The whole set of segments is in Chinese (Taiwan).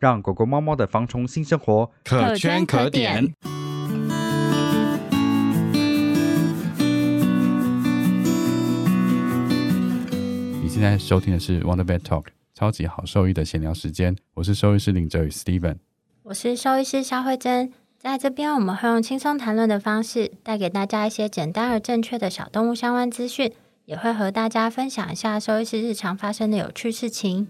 讓狗狗、貓貓的防蟲新生活可圈可點。可圈可點。你現在收聽的是《Wonder Bed Talk》，超級好獸醫的閒聊時間。我是獸醫師林哲宇 （Steven），我是獸醫師蕭慧珍。在這邊，我們會用輕鬆談論的方式，帶給大家一些簡單而正確的小動物相關資訊，也會和大家分享一下獸醫師日常發生的有趣事情。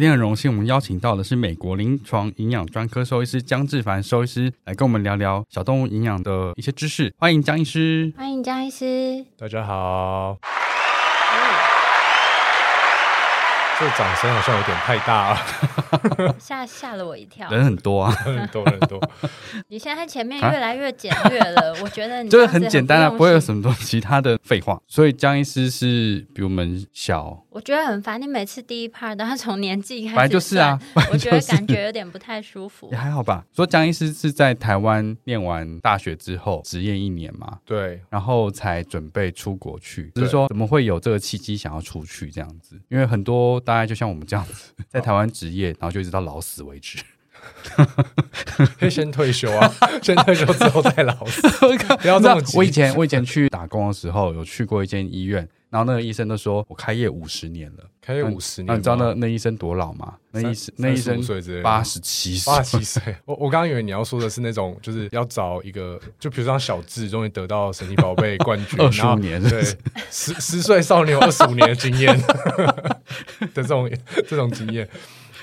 今天很榮幸，我們邀請到的是美國臨床營養專科獸醫師姜智凡獸醫師，來跟我們聊聊小動物營養的一些知識。歡迎姜醫師，歡迎姜醫師，大家好。這掌聲好像有點太大了嚇，嚇嚇了我一跳。人很多啊， 很多人很多。 你現在前面越來越簡略了，啊、我覺得你這就是很簡單啊，不會有什麼東西，其他的廢話。所以姜醫師是比我們小，我覺得很煩。你每次第一 part 都要從年紀開始，反正就是啊，就是、我覺得感覺有點不太舒服、就是。也還好吧。說姜醫師是在台灣念完大學之後，執業一年嘛，對，然後才準備出國去，就是說怎麼會有這個契機想要出去這樣子？因為很多。大概就像我們這樣子，在台灣執業，然後就一直到老死為止，哈哈、啊， 先退休啊，先退休之後再老死。 不要這樣。你知道，我以前我以前去打工的時候，有去過一間醫院。然後那個醫生都說：“我開業五十年了，開業五十年，你知道那那醫生多老嗎？那醫那醫生八十七歲，八十七歲。我我剛剛以為你要說的是那種，就是要找一個，就比如說小智終於得到神奇寶貝冠軍，二十五年，對，十十歲少年有二十五年的經驗的這種這種經驗。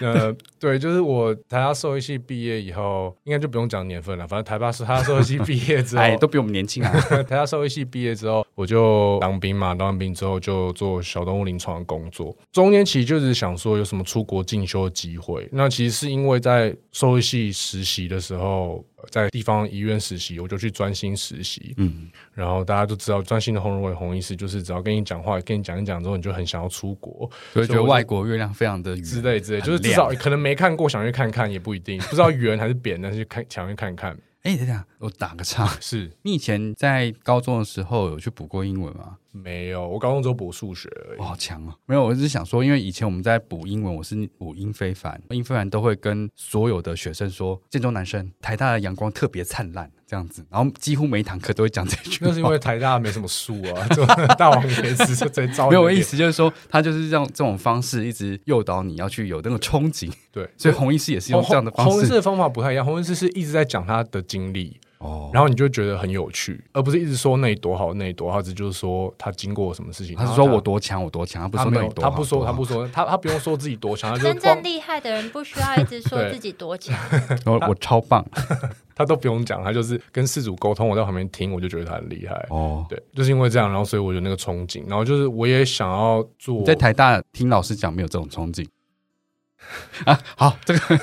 呃，對，就是我台大獸醫系畢業以後，應該就不用講年份了，反正台大獸醫系畢業之後，哎，都比我們年輕啊。台大獸醫系畢業之後。”我就當兵嘛，當完兵之後就做小動物臨床的工作。中間其實就是想說有什麼出國進修的機會。那其實是因為在獸醫系實習的時候，在地方醫院實習，我就去專心實習。嗯。然後大家都知道，專心的洪仁偉洪醫師，就是只要跟你講話，跟你講一講之後，你就很想要出國，所以覺得外國月亮非常的圓之類之類，就是至少可能沒看過，想去看看也不一定，不知道圓還是扁， 但是去看，想去看看。哎、欸，等等，我打個岔。是你以前在高中的時候有去補過英文嗎？沒有，我高中只有補數學而已。哇、哦，好強啊！沒有，我是想說，因為以前我們在補英文，我是補英非凡，英非凡都會跟所有的學生說：“建中男生，台大的陽光特別燦爛。”這樣子，然後幾乎每一堂課都會講這句。那是因為台大沒什麼樹啊， 就大王椰子在照。 沒有意思，就是說他就是用這種方式一直誘導你要去有那個憧憬。對，對所以洪醫師也是用這樣的方式。洪醫師的方法不太一樣，洪醫師是一直在講他的經歷。然後你就覺得很有趣，而不是一直說那一朵好那一朵好，他只就是說他經過什麼事情。他是說我多強，我多強，他不說那他，他不說他不說他不說他不用說自己多強。他就是 真正厲害的人不需要一直說自己多強。我我超棒他，他都不用講，他就是跟事主溝通，我在旁邊聽，我就覺得他很厲害。哦，oh. 對，就是因為這樣，然後所以我就那個憧憬，然後就是我也想要做。在台大聽老師講，沒有這種憧憬。啊，好，這個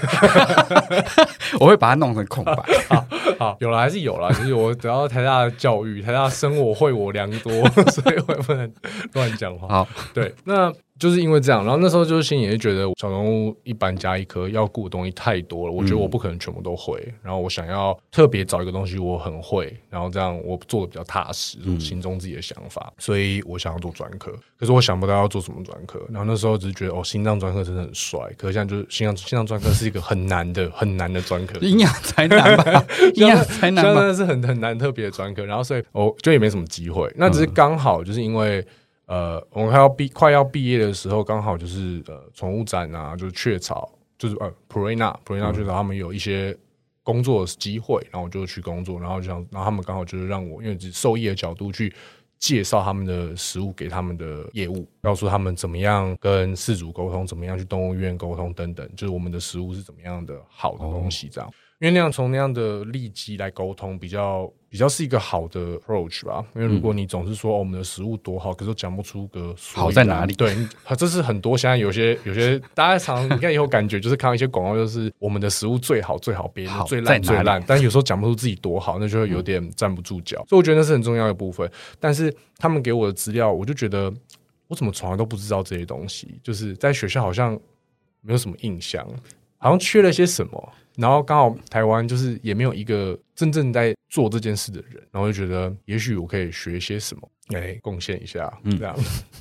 我會把它弄成空白，啊。好好，有了還是有了，就是我受到台大的教育， 台大的生活惠我良多，所以我也不能亂講話。 好，對，那。就是因為這樣，然後那時候就是心裡就覺得，小動物一般加一科要顧的東西太多了，我覺得我不可能全部都會。嗯、然後我想要特別找一個東西我很會，然後這樣我做的比較踏實，心中自己的想法。嗯、所以我想要做專科，可是我想不到要做什麼專科。然後那時候只是覺得，哦，心臟專科真的很帥。可是現在就是心臟心臟專科是一個很難的 很難的專科，營養 才難吧？營養才難， 真的是很很難特別的專科。然後所以我、哦、就也沒什麼機會。那只是剛好就是因為。呃，我們快要畢快要畢業的時候，剛好就是呃寵物展啊，就是雀巢，就是呃普瑞娜普瑞娜雀巢，他們有一些工作的機會，然後我就去工作，然後就讓，然後他們剛好就是讓我，因為是獸醫的角度去介紹他們的食物給他們的業務，告訴他們怎麼樣跟飼主溝通，怎麼樣去動物醫院溝通等等，就是我們的食物是怎麼樣的好的東西這樣。哦因為那樣從那樣的利基來溝通比較比較是一個好的 approach 吧。因為如果你總是說、嗯哦、我們的食物多好，可是我講不出個所以好在哪裡。對，這是很多現在有些有些 大家常，常你看以後感覺就是看到一些廣告，就是我們的食物最好最好別，別人好最爛爛最爛，但是有時候講不出自己多好，那就會有點站不住腳。嗯、所以我覺得那是很重要的一部分。但是他們給我的資料，我就覺得我怎麼從來都不知道這些東西，就是在學校好像沒有什麼印象，好像缺了些什麼。然後剛好台灣就是也沒有一個真正在做這件事的人，然後就覺得也許我可以學些什麼，哎、欸，貢獻一下，嗯、這樣。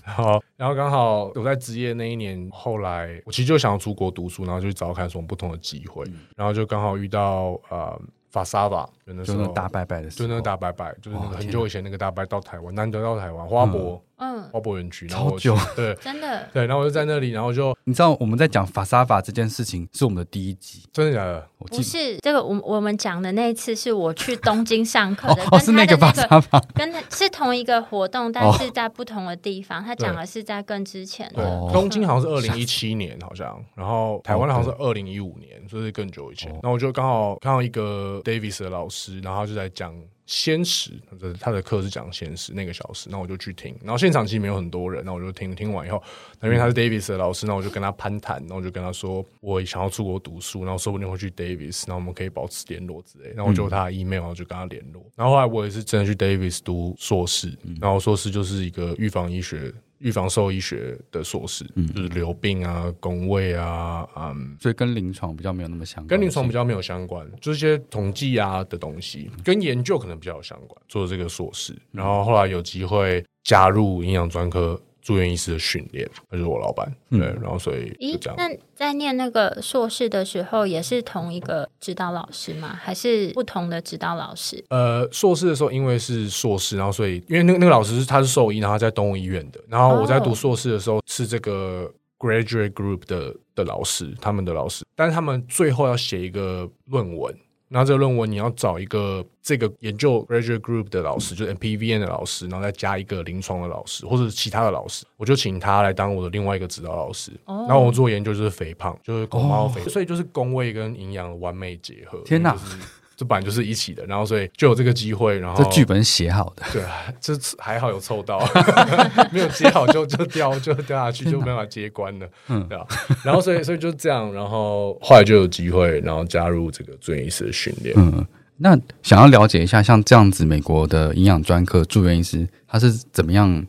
然後，然後剛好我在職業那一年，後來我其實就想要出國讀書，然後就去找看什麼不同的機會，然後就剛好遇到呃法沙瓦。就是大拜拜的，就那個大拜拜，就是很久以前那個大伯到台灣，難得到台灣花博，嗯，花博園區，超久，對，真的，對，然後我就在那裡，然後就你知道我們在講 FASAVA 這件事情是我們的第一集真的假的？不是這個我我們講的那一次是我去東京上課的，哦是那個 FASAVA，跟他是同一個活動，但是在不同的地方，他講的是在更之前的東京好像是二零一七年好像，然後台灣好像是二零一五年，所以更久以前，那我就剛好看到一個 Davis 的老師。然後他就在講先時，他的課是講先時，那個小時，那我就去聽，然後現場其實沒有很多人，那我就聽，聽完以後，因為他是 Davis 的老師，那我就跟他攀談，然後我就跟他說，我想要出國讀書，然後說不定會去 Davis，那我們可以保持聯絡之類，然後我就有他的 email，我就跟他聯絡，然後後來我也是真的去 Davis 讀碩士，然後碩士就是一個預防醫學。預防獸醫學的碩士，嗯、就是流病啊、公衛啊，嗯，所以跟臨床比較沒有那麼相關，跟臨床比較沒有相關，是的，就是些統計啊的東西，嗯、跟研究可能比較有相關。做這個碩士，然後後來有機會加入營養專科。住院醫師的訓練，就是我老闆。對，嗯。然後所以，欸，那在念那個碩士的時候，也是同一個指導老師嗎？還是不同的指導老師？呃，碩士的時候，因為是碩士，然後所以因為那個那個老師是他是獸醫，然後在動物醫院的。然後我在讀碩士的時候，是這個 graduate group 的的老師，他們的老師。但是他們最後要寫一個論文。然後這個論文你要找一個這個研究 graduate group 的老師，就是 MPVN 的老師，然後再加一個臨床的老師或者其他的老師，我就請他來當我的另外一個指導老師。Oh. 然後我做研究就是肥胖，就是公貓肥，oh. 所以就是公衛跟營養的完美結合。天哪！就是這版就，就是一起的，然後所以就有這個機會，然後這劇本寫好的。對，這還好有湊到， 沒有接好就就掉就掉下去，哪就沒法接關了，嗯，對啊。然後所以所以就這樣，然後 後來就有機會，然後加入這個住院醫師的訓練。嗯嗯，那想要了解一下，像這樣子美國的營養專科住院醫師他是怎麼樣，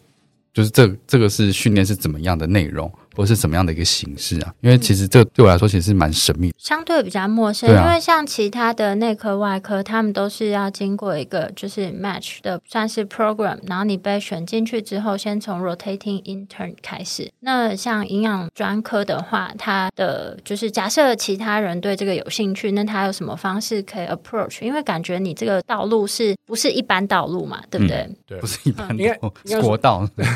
就是這這個是訓練是怎麼樣的內容？或是怎麼樣的一個形式啊？因為其實這對我來說其實是蠻神秘的，相對比較陌生。對啊、因為像其他的內科外科，他們都是要經過一個就是 match 的算是 program，然後你被選進去之後，先從 rotating intern 開始。那像營養專科的話，他的就是假設其他人對這個有興趣，那他有什麼方式可以 approach？因為感覺你這個道路是不是一般道路嘛？對不對？嗯、對，不是一般道路，國道。應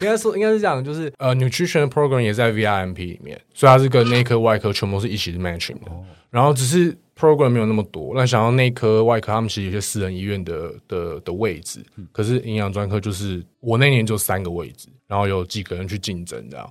該說應, 應該是這樣，就是呃 nutrition。Nut program 也在 VIRMP 裡面，所以它是跟內科外科全部是一起的 matching 的。Oh. 然後只是 program 沒有那麼多。那想到內科外科，他們其實有些私人醫院的的的位置，可是營養專科就是我那年就三個位置，然後有幾個人去競爭這樣。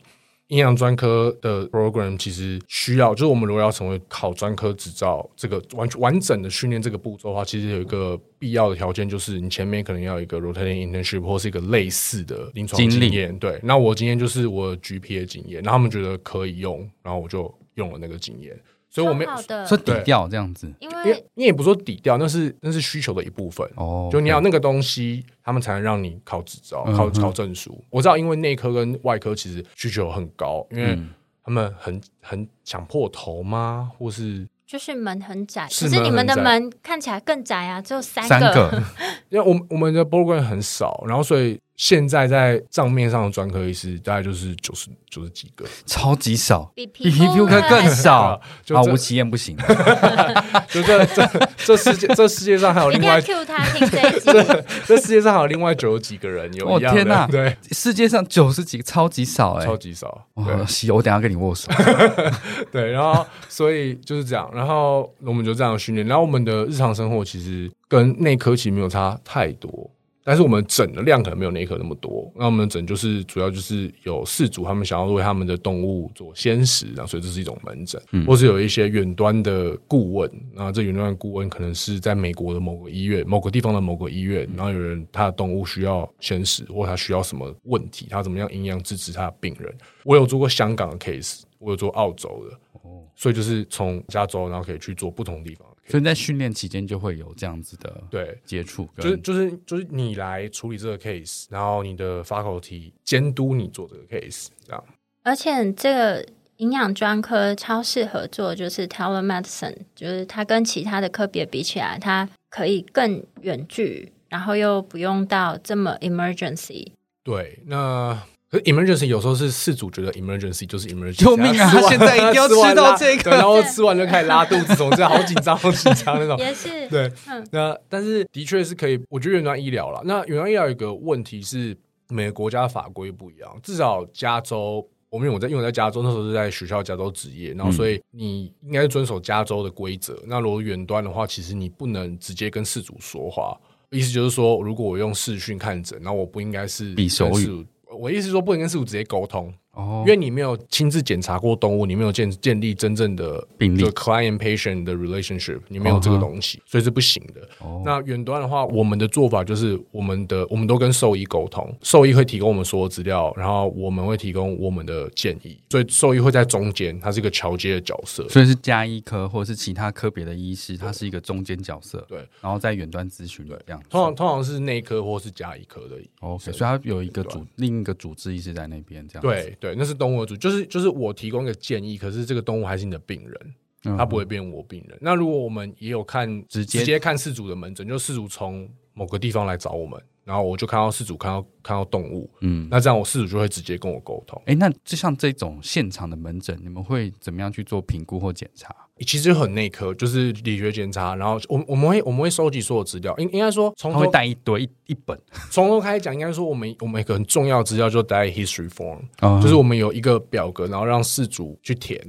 營養專科的 program 其實需要，就是我們如果要成為考專科執照，這個完完整的訓練這個步驟的話，其實有一個必要的條件，就是你前面可能要有一個 rotating internship 或是一個類似的臨床經驗。經歷，對，那我經驗就是我 GPA 經驗，然後他們覺得可以用，然後我就用了那個經驗。所以我們說底調這樣子，因為你也，也不說底調，那是那是需求的一部分哦。就你要那個東西，嗯、他們才能讓你考執照、考考，嗯、哼證書。我知道，因為內科跟外科其實需求很高，因為他們很很搶破頭嗎？或是就是門很窄，是，門很窄，可是你們的門看起來更窄啊，只有三個。三個 因為我們我們的 program 很少，然後所以，現在在賬面上的專科醫師大概就是九十九十幾個，超級少，比皮膚科更少。哦、嘿啊，吳啟艷不行 就這，這這這世界這世界上還有另外 cue 他聽誰？ 這這世界上還有另外九十幾個人有，有、哦、天哪、啊？對，世界上九十幾個，超級少哎，超級少、欸。級少哦喜油，我等下跟你握手。 對，然後所以就是這樣，然後我們就這樣訓練，然後我們的日常生活其實跟內科其實沒有差太多。但是我們診的量可能沒有內科那麼多，那我們診就是主要就是有飼主，他們想要為他們的動物做鮮食，啊，然後所以這是一種門診，嗯、或是有一些遠端的顧問，然後這遠端的顧問可能是在美國的某個醫院，某個地方的某個醫院，嗯、然後有人他的動物需要鮮食，或他需要什麼問題，他怎麼樣營養支持他的病人。我有做過香港的 case，我有做澳洲的，哦，所以就是從加州，然後可以去做不同的地方。所以在訓練期間就會有這樣子的接觸，對接觸，就是就是就是你來處理這個 case，然後你的 faculty 監督你做這個 case 這樣。而且這個營養專科超適合做，就是 telemedicine，就是它跟其他的科別比起來，它可以更遠距，然後又不用到這麼 emergency。對，那。Emergency 有時候是事主覺得 Emergency 就是 Emergency，救命啊！他現在一定要吃到這個，然後吃完就開始拉肚子，總之對 好緊張，對 好緊張那種。也是對，嗯、那但是的確是可以。我覺得遠端醫療啦，那遠端醫療有個問題是每個國家的法規不一樣，至少加州，我因為我在因為我在加州那時候是在學校加州執業，然後所以你應該是遵守加州的規則。嗯、那如果遠端的話，其實你不能直接跟飼主說話，意思就是說，如果我用視訊看診，那我不應該是比手我意思說，不能跟師傅直接溝通。哦，因為你沒有親自檢查過動物，你沒有建建立真正的病例，就 client patient 的 relationship，你沒有這個東西，uh huh. 所以是不行的。哦，oh. 那遠端的話，我們的做法就是，我們的我們都跟獸醫溝通，獸醫會提供我們所有資料，然後我們會提供我們的建議，所以獸醫會在中間，它是一個橋接的角色。所以是加醫科或者是其他科別的醫師，他是一個中間角色。對，然後在遠端諮詢這樣子對。通常通常是內科或是加醫科的醫。OK，所以他有一個主，另一個主治醫師在那邊這樣子對。對對。那是動物主，就是就是我提供一個建議，可是這個動物還是你的病人，嗯、哼他不會變我病人。那如果我們也有看直接直接看飼主的門診，就飼主從某個地方來找我們，然後我就看到飼主看到看到動物，嗯，那這樣我飼主就會直接跟我溝通。哎，那就像這種現場的門診，你們會怎麼樣去做評估或檢查？其實很內科，就是理學檢查。然後我們我們會我們會收集所有資料，應應該說從他會帶一堆一本，從 頭開始講，應該說我們我們一個很重要資料就帶 History Form，、哦、就是我們有一個表格，然後讓飼主去填，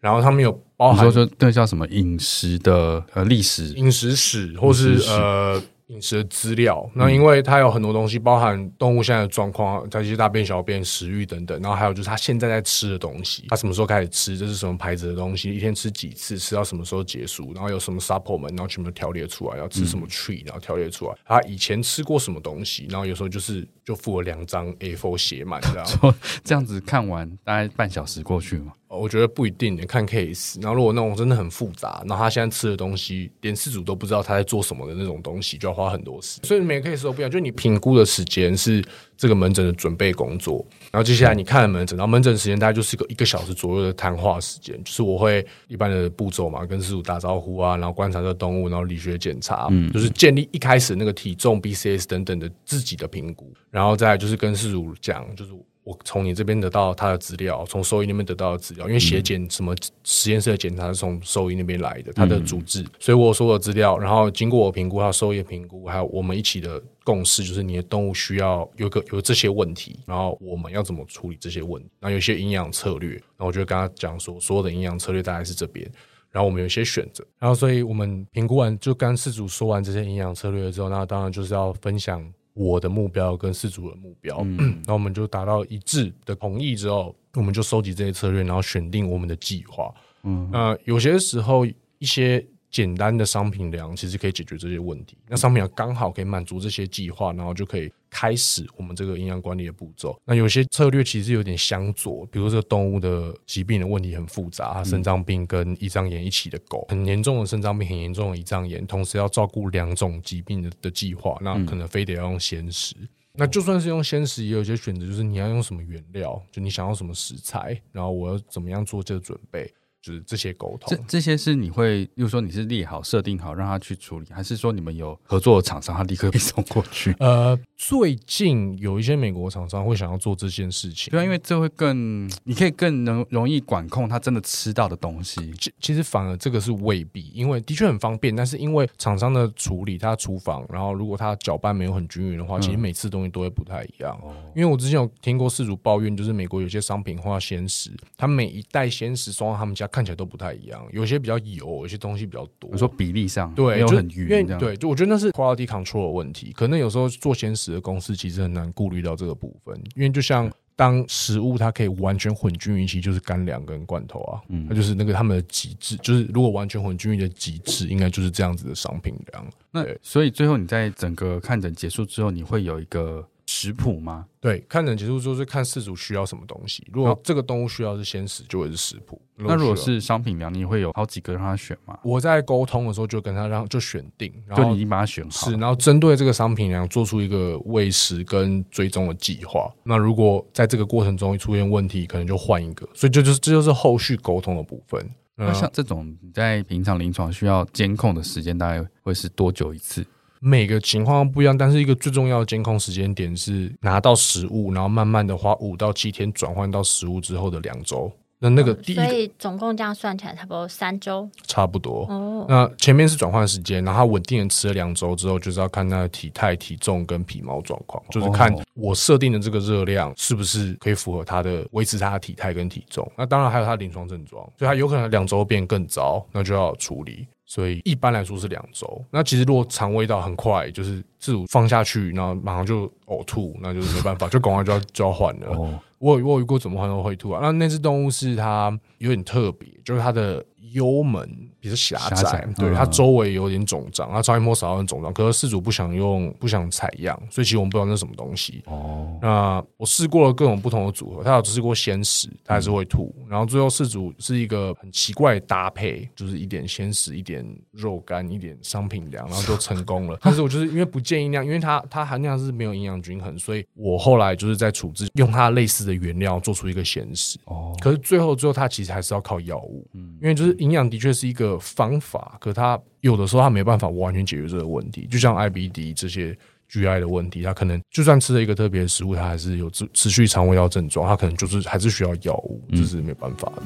然後他們有包含你說那叫什麼飲食的呃歷史，飲食史或是史呃。飲食的資料，那因為它有很多東西，包含動物現在的狀況，它一些大便、小便、食欲等等，然後還有就是它現在在吃的東西，它什麼時候開始吃，這是什麼牌子的東西，一天吃幾次，吃到什麼時候結束，然後有什麼 supplement，然後全部都條列出來，要吃什麼 tree，然後條列出來，嗯、它以前吃過什麼東西，然後有時候就是就附了兩張 A4 寫滿，你知道嗎？這樣子看完大概半小時過去嘛。我覺得不一定，你看 case。然後如果那種真的很複雜，然後他現在吃的東西，連飼主都不知道他在做什麼的那種東西，就要花很多時間。所以每個 case 都不一樣，就你評估的時間是這個門診的準備工作。然後接下來你看了門診，然後門診時間大概就是一個一個小時左右的談話時間。就是我會一般的步驟嘛，跟飼主打招呼啊，然後觀察這個動物，然後理學檢查，就是建立一開始那個體重、BCS 等等的自己的評估。然後再來就是跟飼主講，就是。我從你這邊得到他的資料，從獸醫那邊得到的資料，因為血檢什麼實驗室的檢查是從獸醫那邊來的，他、嗯、的主治，所以我有所有的資料，然後經過我評估，還有獸醫評估，還有我們一起的共識，就是你的動物需要有個有這些問題，然後我們要怎麼處理這些問題，然後有些營養策略，然後我就跟他講說所有的營養策略大概是這邊，然後我們有一些選擇，然後所以我們評估完就跟飼主說完這些營養策略之後，那當然就是要分享。我的目標跟飼主的目標、嗯，那 我們就達到一致的同意之後，我們就收集這些策略，然後選定我們的計劃。嗯，那有些時候一些。簡單的商品糧其實可以解決這些問題。那商品糧剛好可以滿足這些計劃，然後就可以開始我們這個營養管理的步驟。那有些策略其實有點相左，比如說這個動物的疾病的問題很複雜，腎臟病跟胰臟炎一起的狗，嗯、很嚴重的腎臟病，很嚴重的胰臟炎，同時要照顧兩種疾病的計劃，那可能非得要用鮮食。嗯、那就算是用鮮食，也有些選擇，就是你要用什麼原料，就你想要什麼食材，然後我要怎麼樣做這個準備。是這些溝通這，這這些是你會，又說你是立好設定好讓他去處理，還是說你們有合作的廠商，他立刻被送過去？ 呃，最近有一些美國廠商會想要做這件事情，對啊，因為這會更，你可以更能容易管控他真的吃到的東西。其實反而這個是未必，因為的確很方便，但是因為廠商的處理，他廚房，然後如果他攪拌沒有很均勻的話，其實每次東西都會不太一樣。嗯。因為我之前有聽過飼主抱怨，就是美國有些商品化鮮食，他每一袋鮮食送到他們家。看起來都不太一樣，有些比較油，有些東西比較多。比如說比例上，對，沒有很均勻。對，就我覺得那是 quality control 的問題，可能有時候做鮮食的公司其實很難顧慮到這個部分。因為就像當食物它可以完全混均勻，其實就是乾糧跟罐頭啊，嗯哼，那就是那個他們的極致，就是如果完全混均勻的極致，應該就是這樣子的商品量。那所以最後你在整個看診結束之後，你會有一個。食譜嗎？對，看診結束之後是看飼主需要什麼東西。如果這個動物需要是鮮食，就會是食譜。如那如果是商品糧，你會有好幾個讓他選嗎？我在溝通的時候就跟他讓就選定，然後就你幫他選好是，然後針對這個商品糧做出一個餵食跟追蹤的計劃。那如果在這個過程中一出現問題，可能就換一個。所以這就是這就，就，就是後續溝通的部分。那像這種在平常臨床需要監控的時間，大概會是多久一次？每個情況不一樣，但是一個最重要的監控時間點是拿到食物，然後慢慢的花五到七天轉換到食物之後的兩週。那那個，個、嗯、所以總共這樣算起來差不多三周，差不多哦。那前面是轉換時間，然後穩定的吃了兩周之後，就是要看他的體態、體重跟皮毛狀況，就是看我設定的這個熱量是不是可以符合他的維持他的體態跟體重。那當然還有他的臨床症狀，所以他有可能兩周變更糟，那就要有處理。所以一般來說是兩周。那其實如果腸胃道很快，就是自主放下去，然後馬上就嘔吐，那就是沒辦法，就趕快就要交換了。 我有魚我遇過，怎麼可能會吐啊？那那隻動物是它有點特別，就是它的。幽門比較狹窄，狹窄對它、嗯、周圍有點腫脹，它超音波掃到很腫脹。可是飼主不想用，不想採樣，所以其實我們不知道那是什麼東西。哦，那我試過了各種不同的組合，他有試過鮮食，他還是會吐。嗯、然後最後飼主是一個很奇怪的搭配，就是一點鮮食，一點肉乾，一點商品糧，然後就成功了。 但是我就是因為不建議那樣，因為它它含量是沒有營養均衡，所以我後來就是在處置用它類似的原料做出一個鮮食。哦，可是最後最後它其實還是要靠藥物，嗯，因為就是。營養的確是一個方法，可他有的時候他沒辦法完全解決這個問題。就像 IBD 這些 GI 的問題，他可能就算吃了一個特別的食物，他還是有持續腸胃道症狀，他可能就是還是需要藥物，這、嗯、是沒辦法的。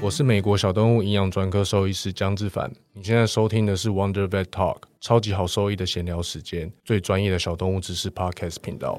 我是美國小動物營養專科獸醫師姜智凡，你現在收聽的是 Wonder Vet Talk，超級好收益的閒聊時間，最專業的小動物知識 Podcast 頻道。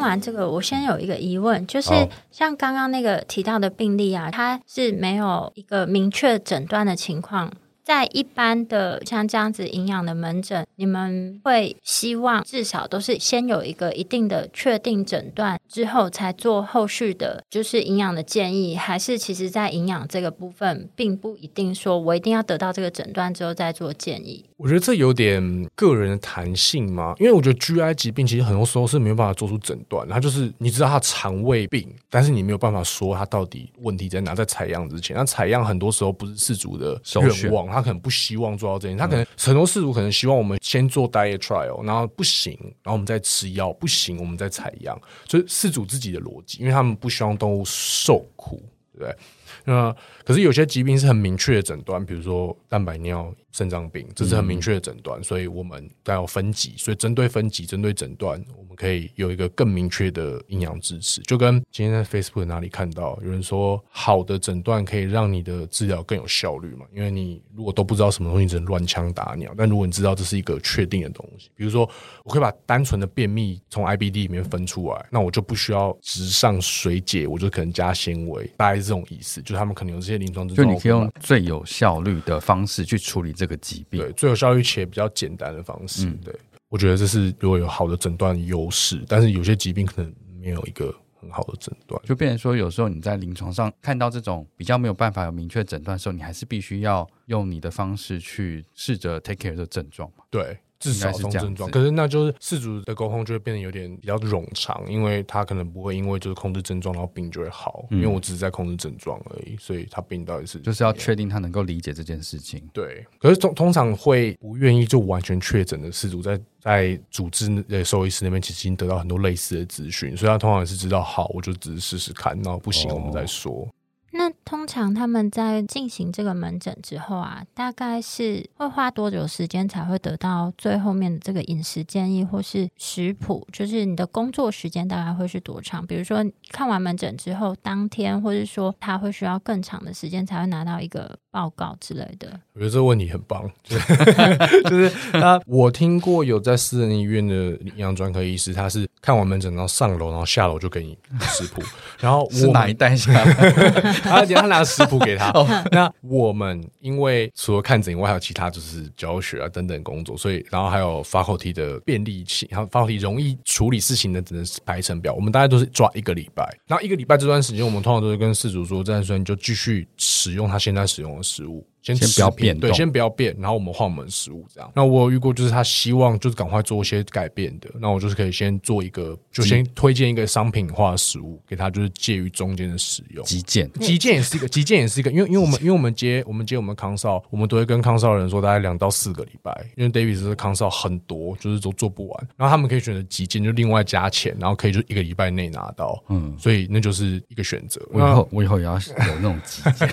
聽完這個，我先有一個疑問，就是像剛剛那個提到的病例啊，它是沒有一個明確診斷的情況。在一般的像這樣子營養的門診，你們會希望至少都是先有一個一定的確定診斷之後，才做後續的，就是營養的建議，還是其實在營養這個部分，並不一定說我一定要得到這個診斷之後再做建議。我覺得這有點個人的彈性嘛，因為我覺得 GI 疾病其實很多時候是沒有辦法做出診斷，然後就是你知道他腸胃病，但是你沒有辦法說他到底問題在哪，在採樣之前，那採樣很多時候不是事主的願望，他可能不希望做到這樣，選他可能很多事主可能希望我們先做 diet trial，嗯、然後不行，然後我們再吃藥，不行，我們再採樣，所以事主自己的邏輯，因為他們不希望動物受苦，對不對？那可是有些疾病是很明確的診斷，比如說蛋白尿、腎臟病，這是很明確的診斷，嗯、所以我們都要分級。所以針對分級、針對診斷，我們可以有一個更明確的營養支持。就跟今天在 Facebook 哪裡看到有人說，好的診斷可以讓你的治療更有效率嘛？因為你如果都不知道什麼東西，只能亂槍打鳥。但如果你知道這是一個確定的東西，比如說，我可以把單純的便秘從 IBD 裡面分出來，那我就不需要直上水解，我就可能加纖維，大概是這種意思。就他們可能用這些。就你可以用最有效率的方式去處理這個疾病， 對，最有效率且比較簡單的方式。對，我覺得這是如果有好的診斷優勢，但是有些疾病可能沒有一個很好的診斷，就變成說有時候你在臨床上看到這種比較沒有辦法有明確診斷的時候，你還是必須要用你的方式去試着 take care 這個症狀嘛？對。至少控症狀，是可是那就是飼主的溝通就會變得有點比較冗長，因為他可能不會因為就是控制症狀，然後病就會好，嗯、因為我只是在控制症狀而已，所以他病到底是就是要確定他能夠理解這件事情。對，可是通通常會不願意就完全確診的飼主在，在在主治的獸醫師那邊其實已經得到很多類似的資訊，所以他通常也是知道好，我就只是試試看，然後不行我們再說。哦那通常他們在進行這個門診之後啊，大概是會花多久時間才會得到最後面的這個飲食建議或是食譜？就是你的工作時間大概會是多長？比如說看完門診之後，當天，或者是說他會需要更長的時間才會拿到一個。報告之類的，我覺得這個問題很棒。就是啊， 就是、那我聽過有在私人醫院的營養專科醫師，他是看完門診然後上樓，然後下樓就給你食譜。 然後我是哪一代下？然後你他等下拿食譜給他。 那我們因為除了看診以外，還有其他就是教學啊等等工作，所以然後還有發後體的便利器，發後體容易處理事情的只能排成表。我們大概都是抓一個禮拜，然後一個禮拜這段時間，我們通常都是跟飼主說，這段時間你就繼續使用他現在使用的。食物。先，先不要變，對，先不要變，然後我們換我們的食物這樣。那我有遇過就是他希望就是趕快做一些改變的，那我就是可以先做一個，就先推薦一個商品化的食物給他，就是介於中間的使用。急件件，急件也是一個，急件也是一個，因為因為我們因為我們接我們接我們康少，我們都會跟康少的人說大概兩到四個禮拜，因為 David 是康少很多就是都做不完，然後他們可以選擇急件，就另外加錢，然後可以就一個禮拜內拿到。嗯，所以那就是一個選擇。我以後我以後也要有那種急件。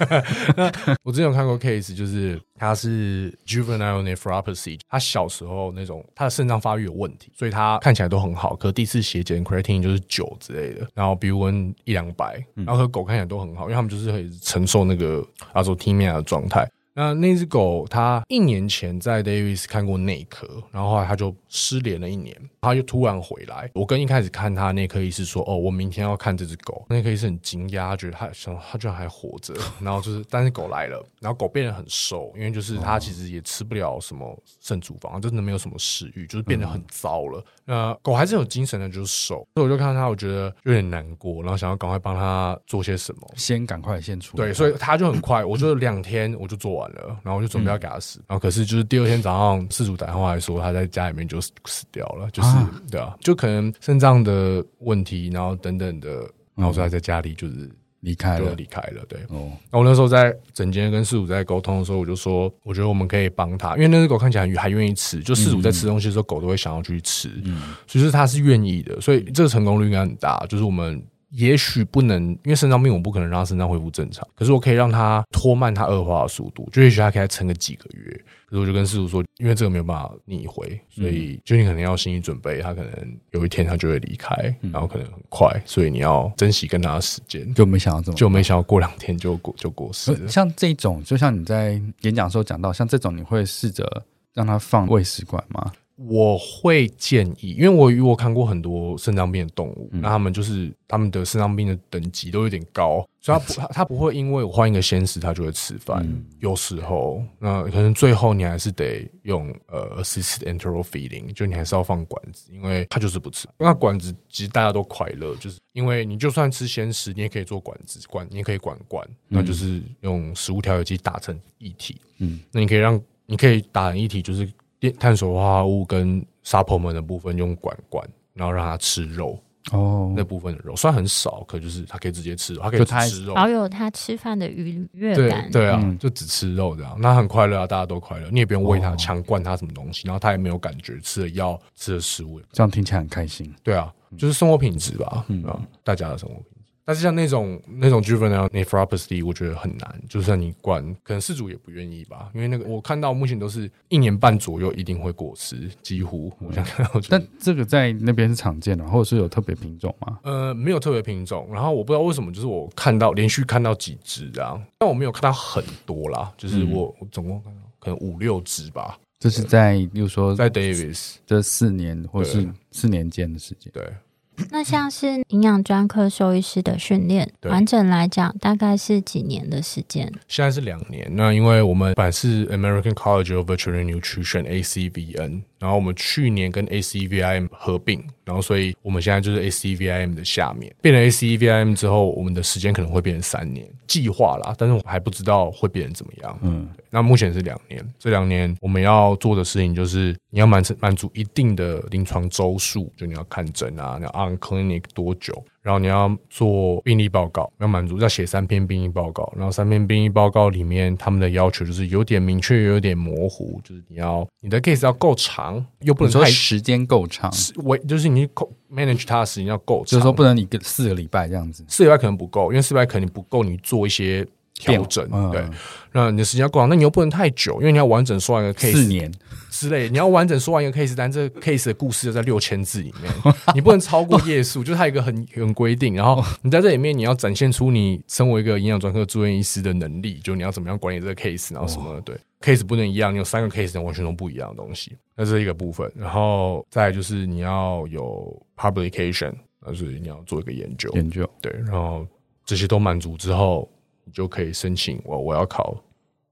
我之前有看過 K。意思就是，他是 juvenile nephropathy，他小時候那種他的腎臟發育有問題，所以他看起來都很好。可第一次血檢 creatine 就是九之類的，然後 BUN 一兩百，然後和狗看起來都很好，因為他們就是可以承受那個 azotemia 的狀態。那那隻狗，它一年前在 Davis 看過內科，然後後來它就失聯了一年，它就突然回來。我跟一開始看它內科醫生說：“哦，我明天要看這隻狗。”內科醫生很驚訝，覺得它想它居然還活着。然後就是，但是狗來了，然後狗變得很瘦，因為就是它其實也吃不了什麼腎處方，哦、真的沒有什麼食欲，就是變得很糟了。嗯、那狗還是有精神的，就是瘦。所以我就看到它，我覺得有點難過，然後想要趕快幫它做些什麼，先趕快獻出。對，所以它就很快，我就兩天我就做完。然後我就準備要給他死，嗯、然後可是就是第二天早上，飼主打電話來說他在家裡面就死掉了，就是啊對啊，就可能腎臟的問題，然後等等的，然後說他在家裡就是、嗯、離開了，就離開了。對，哦。那我那時候在診間跟飼主在溝通的時候，我就說我覺得我們可以幫他，因為那只狗看起來還願意吃，就飼主在吃東西的時候，嗯、狗都會想要去吃，嗯、所以它是願意的，所以這個成功率應該很大，就是我們。也許不能，因為腎臟病，我不可能讓腎臟恢復正常。可是我可以讓他拖慢他惡化的速度，就也許它可以撐個幾個月。所以我就跟飼主說，因為這個沒有辦法逆回，所以就你可能要心理準備，他可能有一天他就會離開，然後可能很快，所以你要珍惜跟他的時間。嗯、就沒想到這麼，就沒想到過兩天就過就過世，嗯。像這種，就像你在演講的時候講到，像這種你會試着讓他放餵食管嗎？我會建議，因為我我看過很多腎臟病的動物，嗯、那他們就是他們的腎臟病的等級都有點高，所以它不， 不會因為我換一個鮮食它就會吃飯。嗯、有時候那可能最後你還是得用呃 assist enteral feeding，就你還是要放管子，因為它就是不吃。那管子其實大家都快樂，就是因為你就算吃鮮食，你也可以做管子管，你也可以管管，那就是用食物調理機打成液體。嗯，那你可以讓你可以打液體，就是。碳水化合物跟沙婆門的部分用管灌，然後讓他吃肉哦，oh. 那部分的肉雖然很少，可就是他可以直接吃肉，他可以吃肉，就他好有他吃飯的愉悅感對。對啊，嗯、就只吃肉這樣，那很快樂啊，大家都快樂，你也不用餵他強、oh. 灌他什麼東西，然後他也沒有感覺吃了藥吃了食物有沒有，這樣聽起來很開心。對啊，就是生活品質吧，啊、嗯，嗯、大家的生活品質。但是像那種那種 Juvenile Nephropathy 我覺得很難。就算你管，可能事主也不願意吧。因為那個我看到目前都是一年半左右一定會過時，幾乎。我想看到我，到，但這個在那邊是常見的，或者是有特別品種嗎？呃，沒有特別品種。然後我不知道為什麼，就是我看到連續看到幾隻這樣，但我沒有看到很多啦。就是我、嗯、我總共看到可能五六隻吧。就是在，比、嗯、如說在 Davis 這四年或者是四年間的時間，對。那像是營養專科獸醫師的訓練，對完整來講大概是幾年的時間？現在是兩年。那因為我們本來是 American College of Veterinary Nutrition（ACVN），然後我們去年跟 ACVIM 合併，然後所以我們現在就是 ACVIM 的下面。變成 ACVIM 之後，我們的時間可能會變成三年計劃啦，但是我還不知道會變成怎麼樣。嗯。那目前是兩年，這兩年我們要做的事情就是你要滿足滿足一定的臨床週數，就你要看診啊，你要 on clinic 多久，然後你要做病例報告，要滿足要寫三篇病例報告，然後三篇病例報告裡面他們的要求就是有點明確，有點模糊，就是你要你的 case 要夠長，又不能說時間夠長，是我就是你 manage 它的時間要夠長，就是說不能一個四個禮拜這樣子，四個禮拜可能不夠，因為四個禮拜可能不夠你做一些。調整、嗯、對，那、嗯、你的時間要過長、嗯，那你又不能太久，因為你要完整說完一個 case 四年之類，你要完整說完一個 case，但這個 case 的故事要在六千字裡面， 你不能超過頁數， 就它一個很很規定。然後你在這裡面，你要展現出你身為一個營養專科住院醫師的能力，就你要怎麼樣管理這個 case，然後什麼的、哦、對 case 不能一樣，你有三個 case，能完全都不一樣的東西，那這是一個部分。然後再來就是你要有 publication，就是你要做一個研究，研究對，然後這些都滿足之後。你就可以申請我，我要考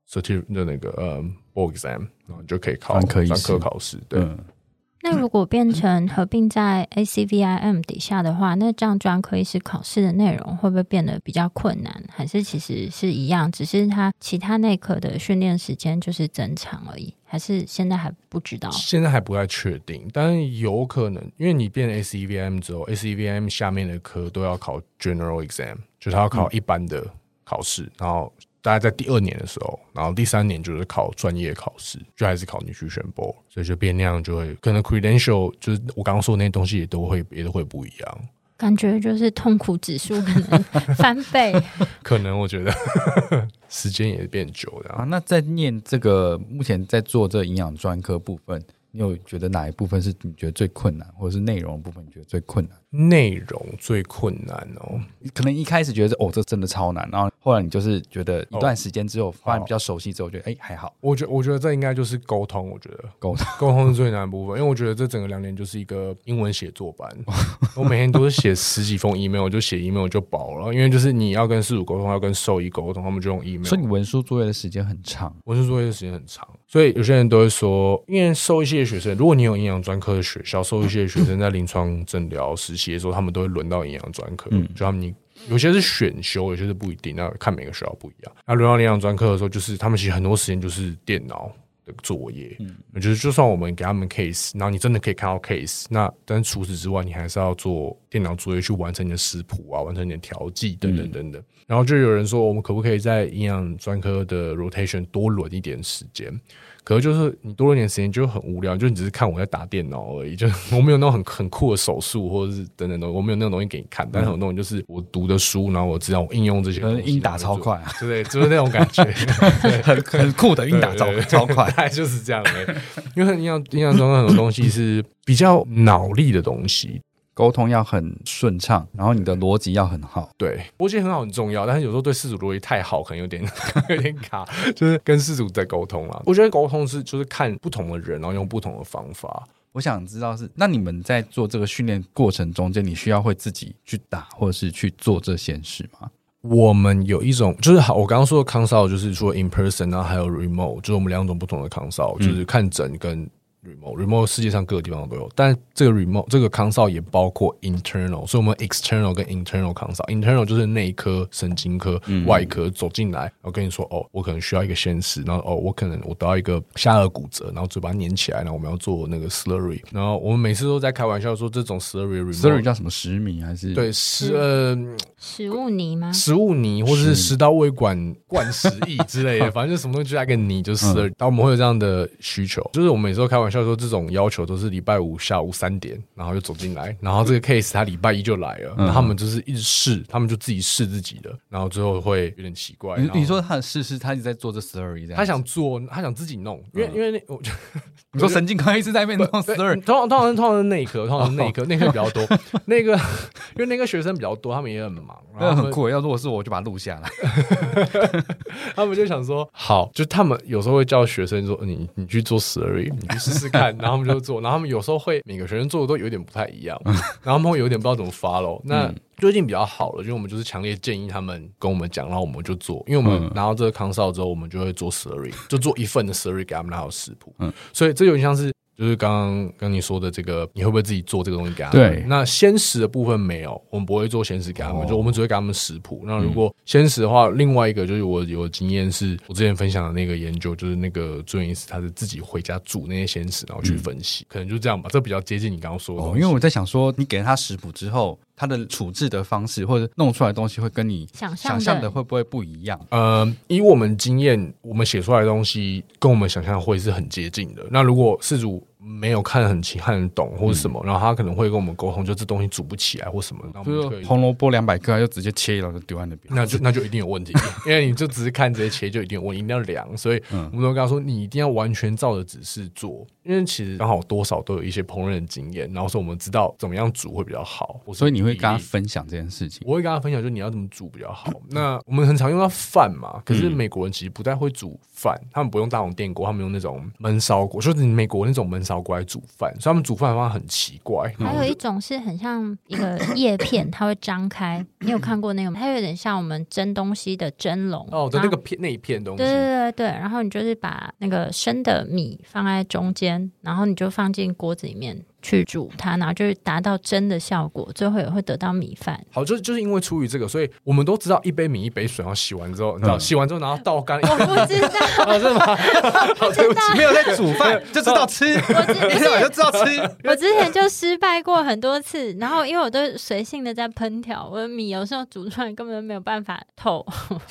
certified 的那個嗯、um, board exam，然後你就可以考專科、專科考試。對。那如果變成合併在 ACVIM 底下的話，那這樣專科醫師考試的內容會不會變得比較困難？還是其實是一樣，只是他其他內科的訓練時間就是增長而已？還是現在還不知道？現在還不太確定，但是有可能，因為你變 ACVIM 之後，ACVIM 下面的科都要考 general exam，就他要考一般的。嗯考試，然後大概在第二年的時候，然後第三年就是考專業考試，就還是考你去選撥，所以就變量就會可能 credential 就是我剛剛說的那些東西也都會也都會不一樣，感覺就是痛苦指數可能翻倍， 可能我覺得 時間也變久了啊。那在念這個，目前在做這個營養專科部分，你有覺得哪一部分是你覺得最困難，或者是內容部分你覺得最困難？內容最困難哦，可能一開始覺得哦，這真的超難，然後後來你就是覺得一段時間之後，哦、發現比較熟悉之後，哦、覺得哎還好。我覺我覺得這應該就是溝通，我覺得溝通溝通是最難的部分，因為我覺得這整個兩年就是一個英文寫作班， 我每天都是寫十幾封 email， 我就寫 email 我就飽了，因為就是你要跟飼主溝通，要跟獸醫溝通，他們就用 email，所以你文書作業的時間很長，文書作業的時間很長，所以有些人都會說，因為獸醫系的學生，如果你有營養專科的學校，獸醫系的學生在臨床診療實習。 結束，他們都會輪到營養專科。嗯、就他們，你有些是選修，有些是不一定，那看每個學校不一樣。那輪到營養專科的時候，就是他們其實很多時間就是電腦的作業。嗯，就是就算我們給他們 case，然後你真的可以看到 case，那但除此之外，你還是要做電腦作業去完成你的食譜啊，完成你的調劑等等等等。嗯、然後就有人說，我們可不可以在營養專科的 rotation 多輪一點時間？可能就是你多了一點時間就很無聊，就你只是看我在打電腦而已，就我沒有那種很很酷的手速或者是等等的，我沒有那種東西給你看，嗯、但是很多東西就是我讀的書，然後我知道我應用這些東西，嗯、英打超快啊，對不對？就是那種感覺， 對。很很酷的英打超超快，大概就是這樣，的。 因為印象中那種東西是比較腦力的東西。溝通要很順暢，然後你的邏輯要很好。對，邏輯很好很重要，但是有時候對飼主邏輯太好，可能有點 有點卡，就是跟飼主在溝通了。我覺得溝通是就是看不同的人，然後用不同的方法。我想知道是那你們在做這個訓練過程中間，你需要會自己去打或者是去做這些事嗎？我們有一種就是好，我剛剛說的 consult 就是說 in person，然後還有 remote，就是我們兩種不同的 consult，嗯，就是看診跟。remote remote 世界上各個地方都有，但這個 remote 這個 consult 也包括 internal，所以我們 external 跟 internal consult internal 就是內科神經科，外科走進來，我、嗯、跟你說哦，我可能需要一個現實，然後哦，我可能我得到一個下顎骨折，然後嘴巴粘起來，然後我們要做那個 slurry 然後我們每次都在開玩笑說這種 remote, slurry, slurry 叫什麼十米還是對十呃食物泥嗎？食物泥或者是食道胃管灌食液之類的， 反正就什麼東西加一個泥就是 slurry 但、嗯、我們會有這樣的需求，就是我們每次都開玩笑。就說這種要求都是禮拜五下午三點，然後又走進來，然後這個 case 他禮拜一就來了，嗯、他們就是一直試，他們就自己試自己的，然後最後會有點奇怪。你,後你說他試試，他一直在做這,這 story 這樣他想做，他想自己弄，因為、嗯、因為我覺得。 你說神經科一直在變動，通常通常通常內科，通常內科內、哦、科比較多。哦、那個 因為那個學生比較多，他們也很忙，然後很苦。要如果是我，我就把它錄下來。 他們就想說，好，就他們有時候會叫學生說，你你去做 surgery 你去試試看，然後他們就做，然後他們有時候會每個學生做的都有點不太一樣，然後他們會有點不知道怎麼發咯。那、嗯最近比較好了，因為我們就是強烈建議他們跟我們講，然後我們就做。因為我們拿到這個 consult 之後，我們就會做 survey，就做一份的 survey 給他們，然後有食譜。嗯，所以這有點像是，就是剛剛跟你說的這個，你會不會自己做這個東西給他們？對，那鮮食的部分沒有，我們不會做鮮食給他們，哦、就我們只會給他們食譜。嗯、那如果鮮食的話，另外一個就是我有經驗，是我之前分享的那個研究，就是那個專業人士他是自己回家煮那些鮮食，然後去分析，嗯、可能就這樣吧。這比較接近你剛剛說的、哦，因為我在想說，你給了他食譜之後。他的處置的方式，或者弄出來的東西會跟你想象的會不會不一樣？呃，以我們經驗，我們寫出來的東西跟我們想象的會是很接近的。那如果飼主。沒有看很清、看很懂，或者什麼，嗯、然後他可能會跟我們溝通，就這東西煮不起來，或什麼。嗯、然後紅蘿蔔兩百克，就直接切一刀就丟在那邊。那就那就一定有問題， 因為你就只是看直接切，就一定有問題。我一定要量，所以我們都會跟他說，你一定要完全照着指示做。因為其實剛好多少都有一些烹飪的經驗，然後說我們知道怎麼樣煮會比較好。所以你會跟他分享這件事情，我會跟他分享，就你要怎麼煮比較好。那我們很常用到飯嘛，可是美國人其實不太會煮飯，他們不用大紅電鍋，他們用那種燜燒鍋，就是美國那種燜燒。過來煮飯，所以他們煮飯的話很奇怪。還有一種是很像一個葉片，它會張開。 你有看過那個嗎？它有點像我們蒸東西的蒸籠。哦，對後，那個片那一片東西。對對對對。然後你就是把那個生的米放在中間，然後你就放進鍋子裡面。去煮它，然後就是達到蒸的效果，最後也會得到米飯。好，就是、就是因為出於這個，所以我們都知道一杯米一杯水，然後洗完之後，你知道、嗯、洗完之後，然後倒乾。我不知道，好吃、哦、嗎？沒有在煮飯就知道吃。我就知道吃。我之前就失敗過很多次，然後因為我都隨性的在烹調，我的米有時候煮出來根本沒有辦法透。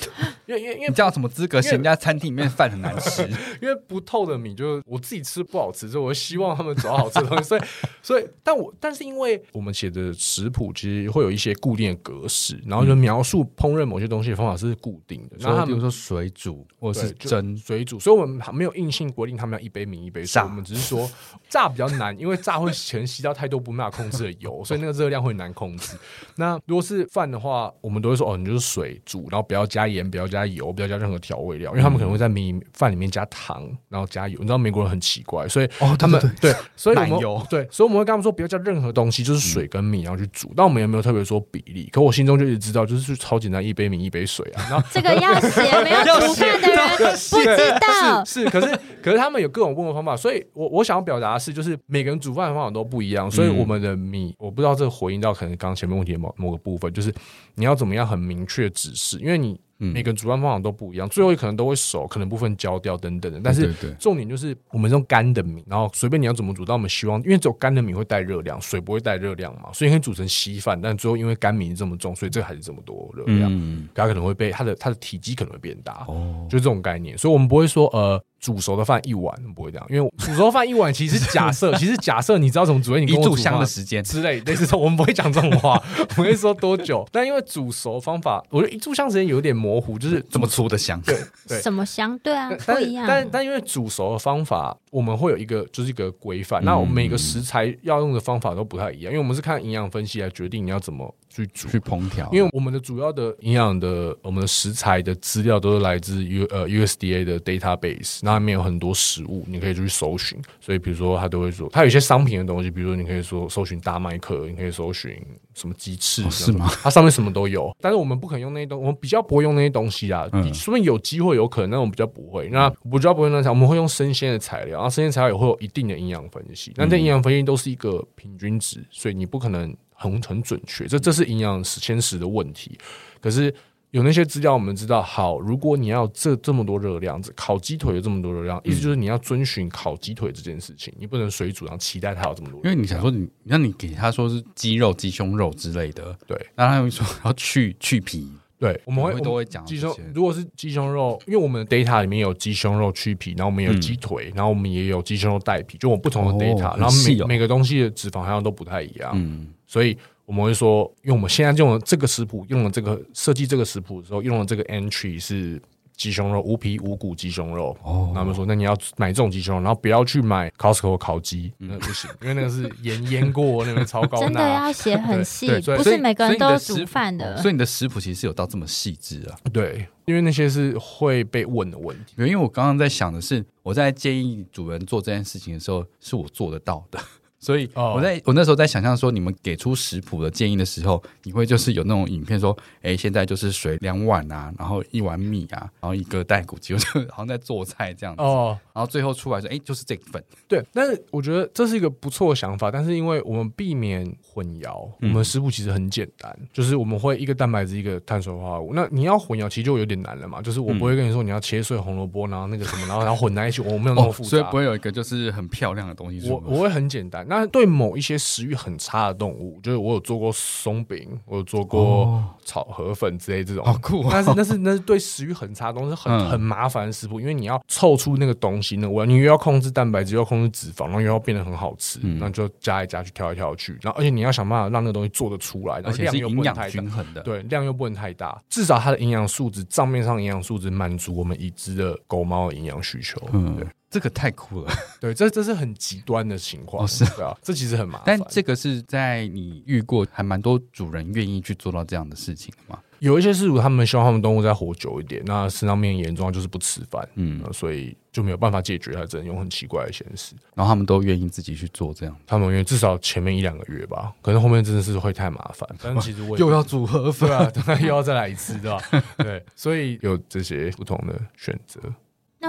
因為因為你知道什麼資格嫌人家餐廳裡面飯很難吃？因為不透的米就是我自己吃不好吃，所以我希望他們煮好吃的東西，所以。所以，但我但是因為我們寫的食譜其實會有一些固定的格式，然後就描述烹飪某些東西的方法是固定的。然後、嗯、比如說水煮或者是蒸，水煮。所以我們沒有硬性規定他們要一杯米一杯水。啊、我們只是說炸比較難，因為炸會全吸到太多不耐控制的油，所以那個熱量會難控制。哦、那如果是飯的話，我們都會說哦，你就是水煮，然後不要加鹽，不要加油，不要加任何調味料，嗯、因為他們可能會在米飯裡面加糖，然後加油。你知道美國人很奇怪，所以哦，他們對，對，對，所以奶油對。所以我們會跟他們說，不要加任何東西，就是水跟米，然後去煮。嗯、但我們也沒有特別說比例。可我心中就一直知道，就是超簡單，一杯米，一杯水啊。然後這個要寫， 沒有煮飯的人寫不知道是。是，可是，可是他們有各種不同的方法。所以我我想要表達的是，就是每個人煮飯的方法都不一樣。所以我們的米，嗯、我不知道這個回應到可能剛剛前面問題的某某個部分，就是你要怎麼樣很明確指示，因為你。嗯、每個煮飯方法都不一樣，最後可能都會熟，可能部分焦掉等等的。但是重點就是，我們用乾的米，然後隨便你要怎麼煮。但我們希望，因為只有乾的米會帶熱量，水不會帶熱量嘛，所以你可以煮成稀飯。但最後因為乾米這麼重，所以這個還是這麼多熱量。嗯、它可能會被它的它的體積可能會變大，哦、就這種概念。所以我們不會說呃，煮熟的飯一碗不會這樣，因為煮熟飯一碗其實假設， 其實假設你知道怎麼你煮，一炷香的時間之類，類似說我們不會講這種話， 我跟你說多久，但因為煮熟的方法，我覺得一炷香時間有點模糊，就是怎麼煮的香對，對，對什麼香，對啊，不一樣。但但，但因為煮熟的方法，我們會有一個就是一個規範，嗯、那我們每個食材要用的方法都不太一樣，因為我們是看營養分析來決定你要怎麼去煮去烹調，啊，因為我們的主要的營養的我們的食材的資料都是來自 U 呃 USDA 的 database，那。上面有很多食物，你可以就去搜尋。所以，比如說，他都會說，他有一些商品的東西，比如說，你可以說搜尋大麥克，你可以搜尋什麼雞翅嗎、哦、是嗎？它上面什麼都有。但是我們不可能用那些東西，我們比較不會用那些東西啊。雖然、嗯、有機會有可能，那我們比較不會。那比較不會用，那我們會用生鮮的材料，然後生鮮材料也會有一定的營養分析。那這營養分析都是一個平均值，所以你不可能很很準確。這這是營養實驗室的問題。可是。有那些資料，我們知道好。如果你要這這麼多熱量，烤雞腿有這麼多熱量，嗯、意思就是你要遵循烤雞腿這件事情，你不能水煮，然後期待它有這麼多。因為你想說，你那你給他說是雞肉、雞胸肉之類的，對，然後它又說要去去皮，對我，我們會都會講。如果是雞胸肉，因為我們的 data 裡面有雞胸肉去皮，然後我們有雞腿，嗯、然後我們也有雞胸肉帶皮，就我們不同的 data、哦、然後每、喔、每個東西的脂肪含量都不太一樣，嗯，所以。我們會說，因為我們現在用的這個食譜，用了這個設計這個食譜的時候，用了這個 entry 是雞胸肉，無皮無骨雞胸肉。哦，那我們說，那你要買這種雞胸肉，然後不要去買 Costco 烤雞，嗯、那不行， 因為那個是鹽醃過，那個超高鈉。真的要寫很細，不是每個人都煮飯的。所以你的食譜其實是有到這麼細致啊？對，因為那些是會被問的問題。因為我剛剛在想的是，我在建議主人做這件事情的時候，是我做得到的。所以，我在、oh. 我那時候在想象說，你們給出食譜的建議的時候，你會就是有那種影片說，哎、欸，現在就是水兩碗啊，然後一碗米啊，然後一個帶骨雞，就好像在做菜這樣子。哦、oh.，然後最後出來說，哎、欸，就是這份。對，但是我覺得這是一個不錯的想法。但是因為我們避免混淆，我們食譜其實很簡單，嗯、就是我們會一個蛋白質，一個碳水化合物。那你要混淆，其實就有點難了嘛。就是我不會跟你說你要切碎紅蘿蔔，然後那個什麼，然後然後混在一起，我、 哦、沒有那麼複雜，oh, 所以不會有一個就是很漂亮的東西。我們我，我會很簡單。那但是對某一些食欲很差的動物，就是我有做過鬆餅，我有做過炒河粉之類這種，哦、好酷、哦。但是，但是，那是對食欲很差的東西很很麻煩的食譜，嗯、因為你要湊出那個東西，呢，我你又要控制蛋白質，又要控制脂肪，然後又要變得很好吃，那、嗯、就加一加去挑一挑去。然後而且你要想辦法讓那個東西做得出來，而且是營養均衡的。對，量又不能太大，至少它的營養素質賬面上營養素質滿足我們一隻的狗貓營養需求。嗯。對這個太酷了，對，這這是很極端的情況，哦、是。這其實很麻煩。但這個是在你遇過還蠻多主人願意去做到這樣的事情的嗎？有一些飼主他們希望他們動物再活久一點，那身上面嚴重就是不吃飯，嗯，所以就沒有辦法解決，他只能用很奇怪的鮮食。然後他們都願意自己去做這樣，他們願意至少前面一兩個月吧，可能後面真的是會太麻煩。但其實我也又要組合是吧？又要再來一次對吧、啊？對，所以有這些不同的選擇。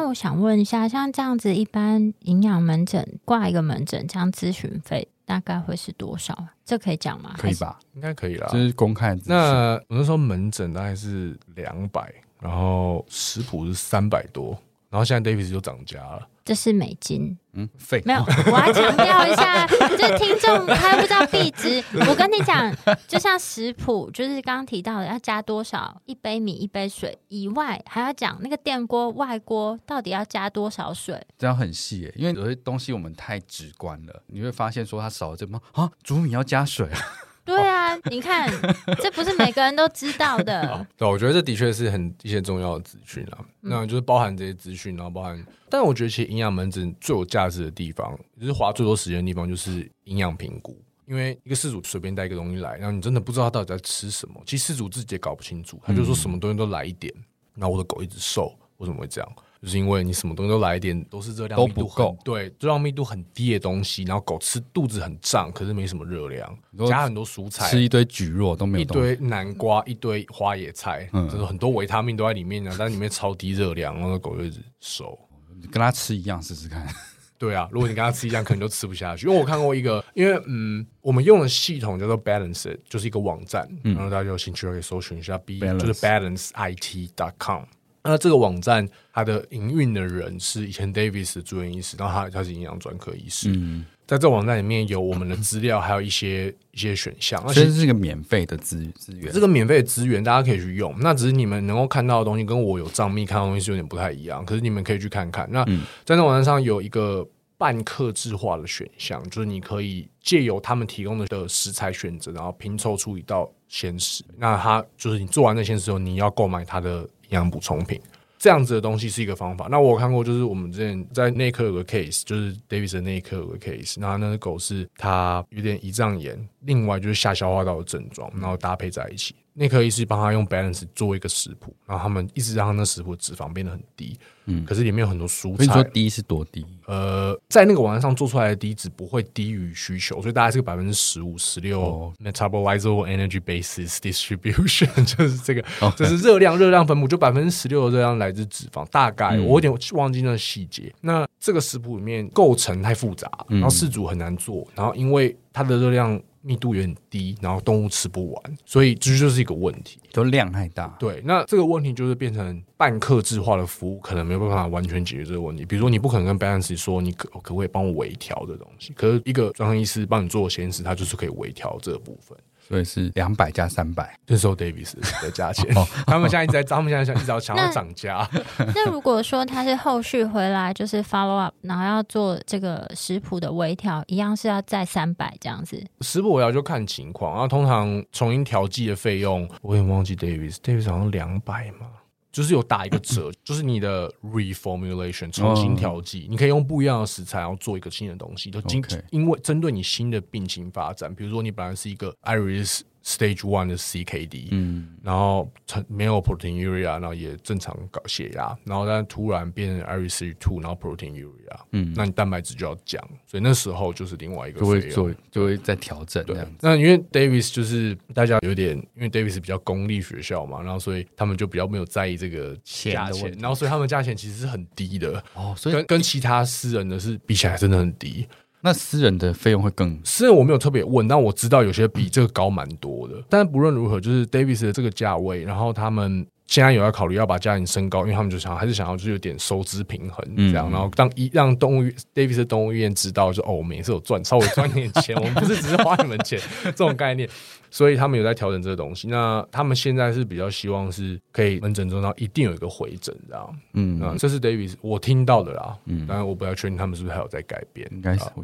我想問一下，像這樣子，一般營養門診掛一個門診，這樣諮詢費大概會是多少？這可以講嗎？可以吧，應該可以啦，就是公開。那我那時候門診大概是兩百，然後食譜是三百多，然後現在 Davis 就漲價了。這是美金，嗯，廢沒有。我要強調一下， 就是聽眾他不知道幣值。我跟你講，就像食譜，就是剛剛提到的，要加多少一杯米一杯水以外，還要講那個電鍋外鍋到底要加多少水，這樣很細誒、欸。因為有些東西我們太直觀了，你會發現說它少了這麽啊，煮米要加水啊。對啊，哦、你看， 這不是每個人都知道的、哦。對，我覺得這的確是很一些重要的資訊啊。嗯、那就是包含這些資訊，然後包含，但我覺得其實營養門診最有價值的地方，也就是花最多時間的地方，就是營養評估。因為一個飼主隨便帶一個東西來，然後你真的不知道他到底在吃什麼。其實飼主自己也搞不清楚，他就說什麼東西都來一點，嗯、然後我的狗一直瘦，為什麼會這樣？就是因為你什麼東西都來一點，都是熱量都不夠。對，熱量密度很低的東西，然後狗吃肚子很脹，可是沒什麼熱量。都 加很多蔬菜，吃一堆蒟蒻都沒有。一堆南瓜，一堆花野菜，嗯、就是很多維他命都在裡面呢、啊，但是裡面超低熱量， 然後狗就一直瘦。跟它吃一樣試試看。對啊，如果你跟它吃一樣， 可能就吃不下去。因為我看過一個，因為嗯，我們用的系統叫做 Balance，就是一個網站，嗯、然後大家就有興趣可以搜尋一下，B Balance 就是 BalanceIT.com。那這個網站，它的營運的人是以前 Davis 的住院醫師，然後他他是營養專科醫師。嗯，在這個網站裡面有我們的資料，還有一些 一些選項。其實是一個免費的資資源，這個免費的資源大家可以去用。那只是你們能夠看到的東西，跟我有帳密看到的東西是有點不太一樣。可是你們可以去看看。那在那網站上有一個半客製化的選項，就是你可以借由他們提供的的食材選擇，然後拼湊出一道鮮食。那他就是你做完那些時候，你要購買他的營養補充品這樣子的東西是一個方法。那我看過，就是我們之前在內科有個 case，就是 David's 內科有個 case，然後那只狗是它有點胰臟炎，另外就是下消化道的症狀，然後搭配在一起。那科醫師幫他用 balance 做一個食譜，然後他們一直讓他那食譜脂肪變得很低，嗯，可是裡面有很多蔬菜。你說低是多低？呃，在那個網站上做出來的低脂不會低於需求，所以大概是個百分之十五、十六 Met、哦。Metabolizable energy basis distribution 就是這個，okay 就是熱量熱量分布就百分之十六的熱量來自脂肪，大概、嗯、我有點忘記那個細節。那這個食譜裡面構成太複雜，然後試煮很難做，嗯、然後因為它的熱量。密度也很低，然後動物吃不完，所以這就是一個問題，都量太大。對，那這個問題就是變成半客製化的服務，可能沒有辦法完全解決這個問題。比如說，你不可能跟 Balance 說，你可可不可以幫我微調這東西，可是一個專科醫師幫你做鮮食，他就是可以微調這個部分。所以是兩百加三百，這是 Davis 的價錢。 他們現在一直在，他們現在想一直想要漲價。那如果說他是後續回來，就是 follow up，然後要做這個食譜的微調，一樣是要再三百這樣子。食譜微調就看情況，然後通常重新調劑的費用，我也忘記 Davis，Davis 好像兩百嘛。就是有打一個折， 就是你的 reformulation 重新調劑，oh. 你可以用不一樣的食材，然後做一個新的東西。都經因為針對你新的病情發展，比如說你本來是一個 iris。Stage One 的 CKD，嗯，然後沒有 proteinuria，然後也正常搞血壓，然後但突然變成 IRIS two，然後 proteinuria，嗯，那你蛋白質就要降，所以那時候就是另外一個 fail, 就會做，就會再調整對那因為 Davis 就是大家有點，因為 Davis 比較公立學校嘛，然後所以他們就比較沒有在意這個價錢，然後所以他們價錢其實是很低的，哦，所以跟跟其他私人的是比起來真的很低。那私人的費用會更私人，我沒有特別問，但我知道有些比這個高蠻多的。嗯，但不論如何，就是 Davis 的這個價位，然後他們。現在有要考慮要把價錢升高，因為他們就想還是想要就有點收支平衡這樣，然後讓一讓動物 David 的動物醫院知道，就哦，我們也是有賺，稍微賺點錢，我們不是只是花你們錢這種概念，所以他們有在調整這個東西。那他們現在是比較希望是可以門診做到一定有一個回診，這樣嗯，這是 David 我聽到的啦，嗯，當然我不太確定他們是不是還有在改變，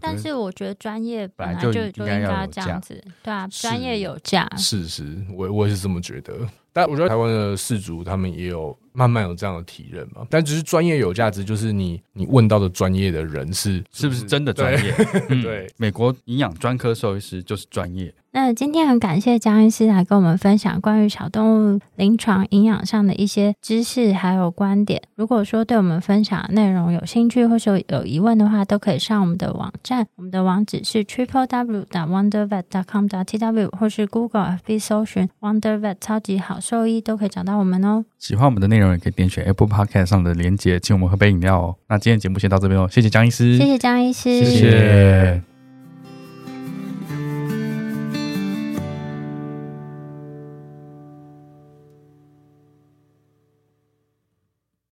但是我覺得專業本來就應該要這樣子，對啊，專業有價，是是我我也是這麼覺得。但我覺得台灣的士族，他們也有慢慢有這樣的體認嘛，但只是專業有價值，就是你你問到的專業的人是是不是，是，不是真的專業？對，美國營養專科獸醫師就是專業。那今天很感謝姜醫師來跟我們分享關於小動物臨床營養上的一些知識還有觀點。如果說對我們分享內容有興趣或者有疑問的話，都可以上我們的網站，我們的網址是 triple w. wondervet. com. tw 或是 Google FB s o c i 搜尋 Wondervet 超級好獸醫，都可以找到我們哦。喜歡我們的內容，也可以點選 Apple Podcast 上的連結，請我們喝杯飲料哦。那今天節目先到這邊哦，謝謝姜醫師，謝謝姜醫師，謝謝。